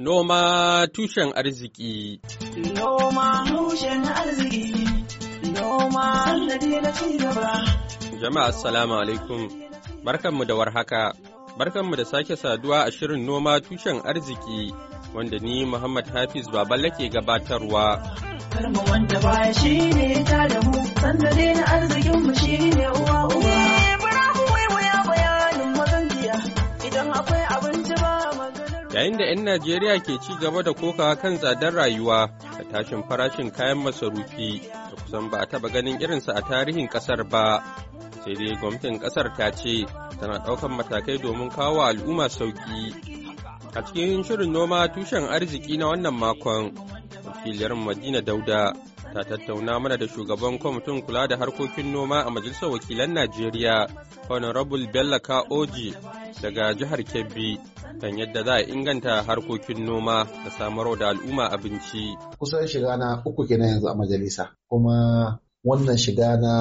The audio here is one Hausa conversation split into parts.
Noma tushen arziki. Noma tushen arziki. Noma sannadi na cigaba. Jama'a assalamu alaikum. Barkanmu da warhaka. Barkanmu da sake saduwa a shirin noma tushen arziki wanda ni Muhammad Hafiz Baballe ke gabatarwa. Karma wanda baya shi ne ta da mu, sannadi na arzikinmu shi da 'yan Najeriya ke ci gaba da kokawa kan tsadar rayuwa da tashin farashin kayan masarufi da kusan ba a taba ganin irinsa a tarihin kasar ba. Sai dai gwamnatin kasar ta ce tana ɗaukan matakai domin kawo al'umma sauƙi. A cikin shirin noma tushen arziki na wannan makon, wakiliyar Madina Dauda ta tattauna mana da shugaban kwamitin kula da harkokin noma a majalisar wakilan Najeriya, Honorable Bello Oji daga jihar Kebbi. kan yadda za a inganta harkokin noma da samarwa da al'umma abinci. Kusan shiga na uku kenan yanzu a majalisa kuma wannan shiga na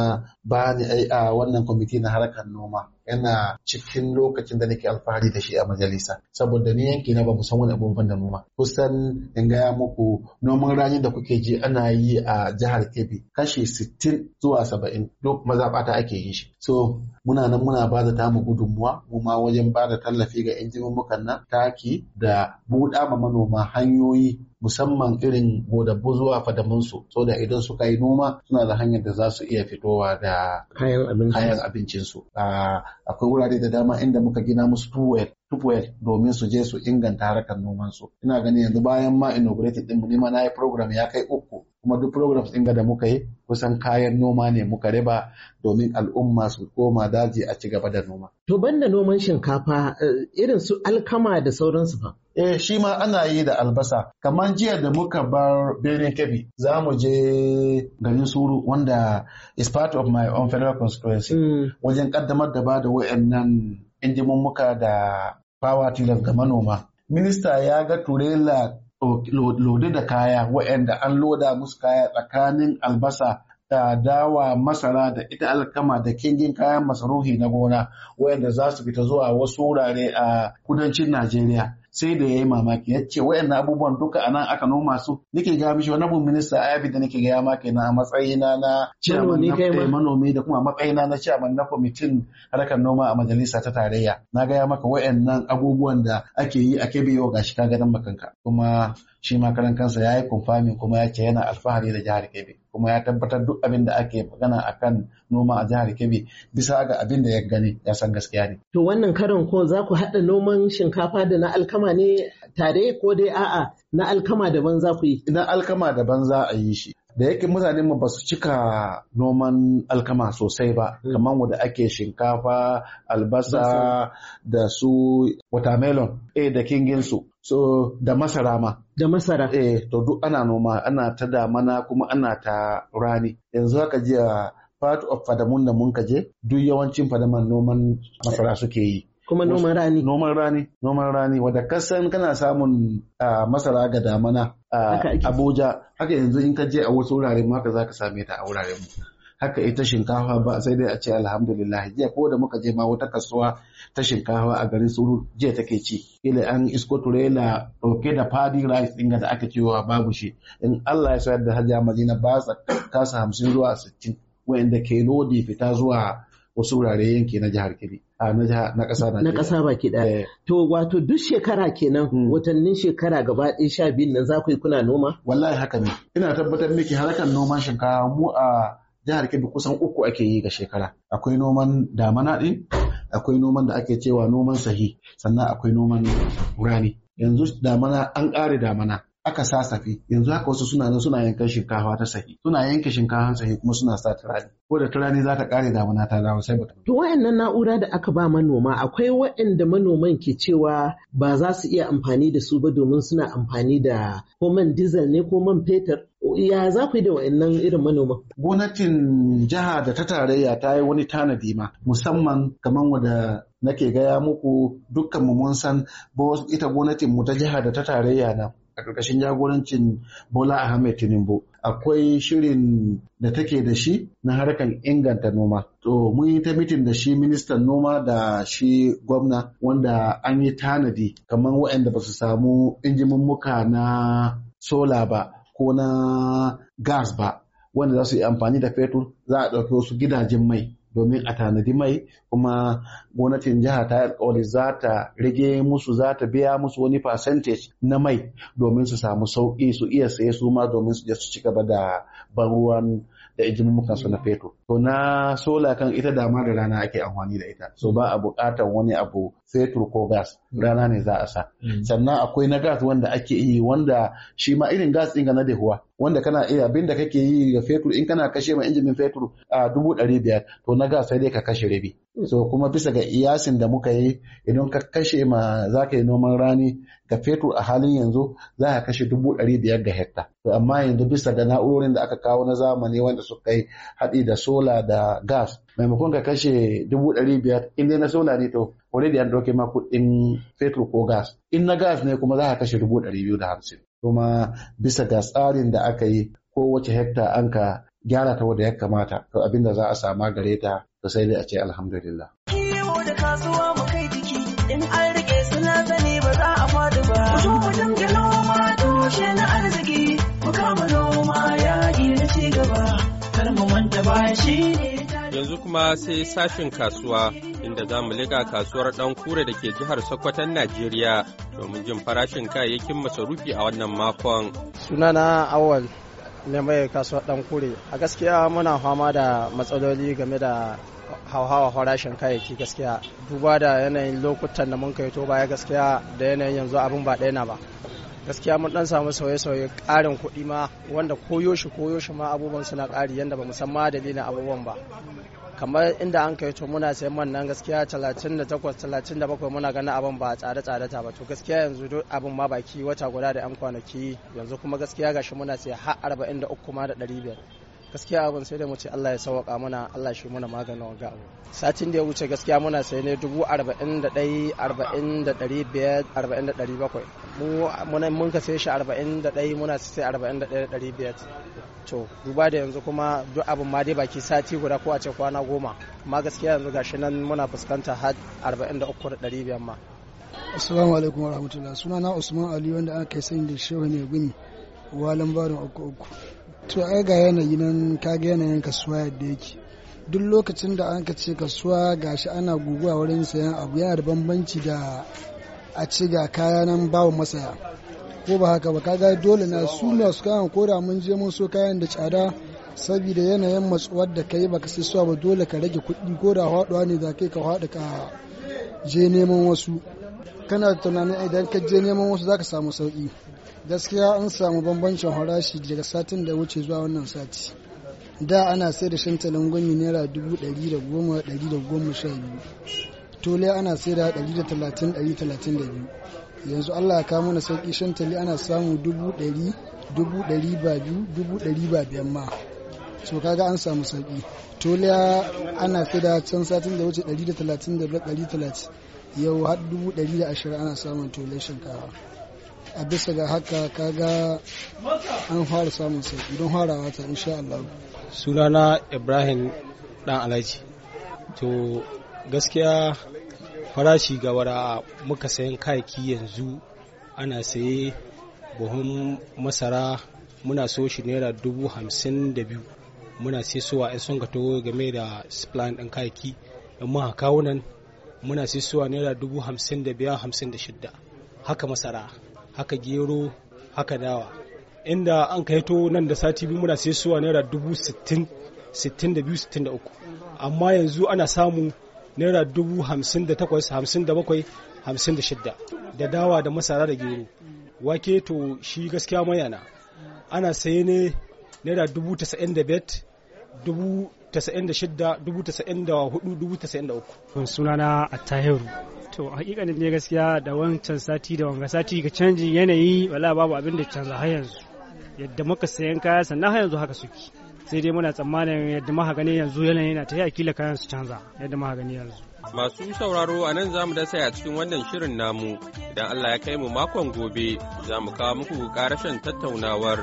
bani eh, a wannan kwamiti na harkar noma. yana cikin lokacin da nake alfahari da shi a majalisa saboda ni yanki na ba bamu san wani ban da noma kusan in gaya muku noman rani da kuke ji ana yi a jihar Kebbi kashi 60 zuwa 70 duk mazaɓata ake yin shi so muna nan muna ba da tamu gudunmuwa mu ma wajen ba da tallafi ga injimin mukan nan taki da buɗa ma manoma hanyoyi musamman irin godabbu zuwa fadaminsu so da idan suka yi noma suna da hanyar da za su iya fitowa da kayan abincinsu ah, akwai wurare da dama inda muka gina musu tuwel Tupwell domin su je su inganta harkar nomansu. Ina ganin yanzu bayan ma inaugurated ɗin ni ma na yi program ya kai uku kuma duk programs ɗin da muka yi kusan kayan noma ne muka riba domin al'umma su koma daji a ci gaba da noma. To banda noman shinkafa eh, irin su alkama da sauransu fa. Eh shi ma ana yi da albasa. Kamar jiya da muka bar Benin Kebbi za mu je garin Suru wanda is part of my own federal constituency. Hmm. Wajen kaddamar da ba da wa'annan injimin muka da fawa tilas ga manoma. Minista ya ga turela Lodi da kaya waɗanda an loda musu kaya tsakanin albasa da dawa masara da ita alkama da kingin kayan masarufi na gona waɗanda za su fita zuwa wasu wurare a kudancin Najeriya. sai da yi mamaki ya ce wayannan abubuwan duka anan aka noma su nake ga mishi wani abu minista Ayabi da nake ga ma kenan a matsayina na chairman na eh, manomi da kuma matsayina na chairman na kwamitin harkar noma a majalisa ta tarayya na gaya maka wayannan abubuwan da ake yi a kebewa gashi ka ganin makanka kuma shi ma karan kansa ya yi kumfami kuma ya ce yana alfahari da jihar Kebbi kuma ya tabbatar duk abin da ake magana kan noma a jihar Kebbi bisa ga abin da ya gani ya san gaskiya ne. To wannan karin ko za ku haɗa noman shinkafa da na alkama ne tare ko dai a'a na alkama daban za ku yi? Na alkama daban za a yi shi. da yake mutane mu ba su cika noman alkama sosai ba hmm. kamar wanda ake shinkafa albasa da su watermelon eh da kingin su so da masara ma da masara eh to duk ana noma ana ta damana kuma ana ta rani yanzu haka jiya part of fadamun da mun kaje duk yawancin fadaman noman masara suke yi Kuma noman rani. Noman rani, noman rani, wadda kasan kana samun masara ga damana a Abuja, haka yanzu in ka je a wasu wurare ma zaka za same ta a wuraren mu. Haka ita shinkafa ba sai dai a ce alhamdulillah jiya ko da muka je ma wata kasuwa ta shinkafa a garin Suru jiya take ci. Ila an isko turela oke da fadi rice ɗin da aka a babu shi. In Allah ya sayar da hajja Madina ba sa kasa hamsin zuwa sittin. wanda ke lodi fita zuwa wasu wurare yanki na jihar Kebbi a na jihar na ƙasa na ƙasa baki ɗaya eh. to wato duk shekara kenan hmm. watannin shekara gaba ɗaya sha biyun nan za ku yi kuna noma wallahi haka ne ina tabbatar miki harkar noman shinkafa mu a jihar Kebbi kusan uku ake yi ga shekara akwai noman damana ɗin akwai noman da ake cewa noman sahi sannan akwai noman rani yanzu damana an ƙare damana aka sasafe yanzu haka wasu suna nan suna yankan shinkafa ta sahi suna yanke shinkafa sahi kuma suna sa turani ko da turani za ta kare damuna ta dawo sai bata to wayannan na'ura da aka ba manoma akwai wayanda manoman ke cewa ba za su iya amfani da su ba domin suna amfani da ko man diesel ne ko man fetur ya za ku yi da wa'annan irin manoma? Gwamnatin jiha da ta tarayya ta yi wani tanadi ma musamman kamar wada nake gaya muku dukkan mu mun san ita gwamnatin mu ta jiha da ta tarayya na a ƙarƙashin jagorancin Bola Ahmed Tinubu akwai shirin da take da shi na harkar inganta noma. To mun yi ta mitin da shi ministan noma da shi gwamna wanda an yi tanadi kamar waɗanda ba su samu injimin muka na sola ba ko na gas ba wanda za su yi amfani da fetur za a ɗauki wasu gidajen mai domin a tanadi mai kuma gwamnatin jiha ta alkawari za ta rage musu za ta biya musu wani percentage na mai domin su samu sauƙi su iya saye su ma domin su je su ci gaba da ban ruwan da ijimukan su na fetur. to na sola kan ita dama da rana ake amfani da ita so ba a buƙatar wani abu fetur ko gas rana ne za a sa mm. sannan akwai na gas wanda ake yi wanda shi ma irin gas ɗin na dahuwa wanda kana iya abin da kake yi ga fetur in kana kashe ma injinin fetur a dubu ɗari biyar to na gas sai dai ka kashe rabi so kuma bisa ga iyasin da muka yi idan ka kashe ma za ka yi noman rani ga fetur a halin yanzu za ka kashe dubu ɗari biyar ga hekta to amma yanzu bisa ga na'urorin da aka kawo na zamani wanda suka yi haɗi da so sola da gas maimakon ka kashe dubu ɗari biyar in dai na sola ne to wani da an ɗauke ma kuɗin fetur ko gas in na gas ne kuma za ka kashe dubu ɗari biyu da hamsin kuma bisa ga tsarin da aka yi ko kowace hekta an ka gyara ta wadda ya kamata to abin da za a sama gare ta to sai dai a ce alhamdulillah. kuma sai sashin kasuwa inda za mu liga kasuwar ɗan kure da ke jihar Sokoton Najeriya domin jin farashin kayayyakin masarufi a wannan makon. Sunana Awal ne mai kasuwar ɗan kure. A gaskiya muna fama da matsaloli game da hauhawa farashin kayayyaki gaskiya duba da yanayin lokutan da mun kai to baya gaskiya da yanayin yanzu abin ba ɗaya na ba gaskiya mun dan samu sauye-sauye ƙarin kuɗi ma wanda koyo shi koyo shi ma abubuwan suna ƙari yadda ba mu san ma dalilin abubuwan ba kamar inda an kai to muna sayan man nan gaskiya 38 37 muna ganin abin ba tsare tsare ta ba to gaskiya yanzu duk abin ma baki wata guda da yan kwanaki yanzu kuma gaskiya gashi muna sai har 43 ma da 500 gaskiya abin sai da mu ce Allah ya sauwaka mana Allah shi mana maganin wanga abu satin da ya wuce gaskiya muna sai ne dubu arba'in da ɗai arba'in da ɗari biyar arba'in da ɗari bakwai mu mun ka sai shi arba'in da ɗai muna sai arba'in da ɗai da ɗari biyar to duba da yanzu kuma duk abin ma dai baki sati guda ko a ce kwana goma amma gaskiya yanzu gashi nan muna fuskanta har arba'in da uku da ɗari biyar ma. Assalamu alaikum wa rahmatullah na Usman Ali wanda aka sani da shehu ne gumi wa lambarin uku uku. to ai ga yanayi nan kaga yanayin kasuwa yadda yake duk lokacin da an ka ce kasuwa gashi ana guguwa wurin sayan abu yana da bambanci da a ci ga kaya nan bawa masaya ko ba haka ba kaga dole na su su kayan ko da mun je mun so kayan da tsada saboda yanayin matsuwar da kai baka sai suwa ba dole ka rage kuɗi ko da haɗuwa ne za kai ka haɗu ka je neman wasu kana tunanin idan ka je neman wasu za ka samu sauki. gaskiya an samu bambancin farashi daga satin da wuce zuwa wannan sati da ana sai da shantalin gwami naira dubu ɗari da goma ɗari da goma sha biyu tole ana sai da ɗari da talatin ɗari talatin da biyu yanzu allah ya kamo na sauƙi shantali ana samu dubu ɗari dubu ɗari ba biyu dubu ɗari ba biyan ma so kaga an samu sauƙi tole ana sai da can satin da wuce ɗari da talatin da ɗari talatin yau har dubu ɗari da ashirin ana samun tole shinkafa a bisa ga haka kaga an fara samun sauki don farawa ta insha Allah sunana Ibrahim dan Alhaji to gaskiya farashi ga wara muka sayan kayaki yanzu ana saye buhun masara muna so shi naira dubu hamsin da biyu muna sai suwa in sun ka to game da plan din kayaki in muka kawo nan muna sai suwa naira dubu hamsin da biyar hamsin da shidda haka masara haka gero haka dawa inda an to nan da sati biyu muna sai suwa naira dubu sittin sittin da biyu sittin da uku amma yanzu ana samu naira dubu hamsin da takwas hamsin da bakwai hamsin da shidda da dawa da masara da gero wake to shi gaskiya mayana ana saye ne naira dubu tasa'in da bet dubu 96,094,093. sunana tahiru to hakikanin ne gaskiya da wancan sati da wanga sati ga canjin yanayi wala babu abin da canza har yanzu yadda muka sayan kaya sannan har yanzu haka suke sai dai muna tsammanin yadda muka gani yanzu yanayi na ta yi akila kayan su canza yadda muka gani yanzu Masu sauraro a nan za mu dasa a cikin wannan shirin namu, idan Allah ya kai mu makon gobe za mu kawo muku karashen tattaunawar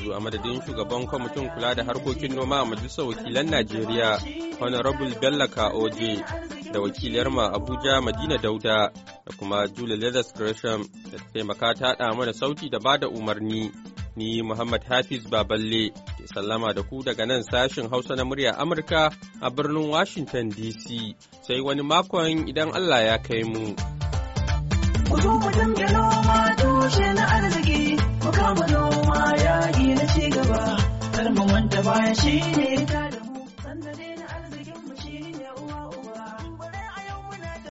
yanzu a madadin shugaban kwamitin kula da harkokin noma a majalisar wakilan Najeriya, Honorable Bello Kaoje, da wakiliyar ma Abuja Madina Dauda, da kuma Julie Leathers Gresham da taimaka ta ɗa mana sauti da bada umarni. Ni Muhammad Hafiz Baballe ke sallama da ku daga nan sashin Hausa na murya Amurka a birnin Washington DC, sai wani makon idan Allah ya kai mu. Kudu zo mu noma tushe na One she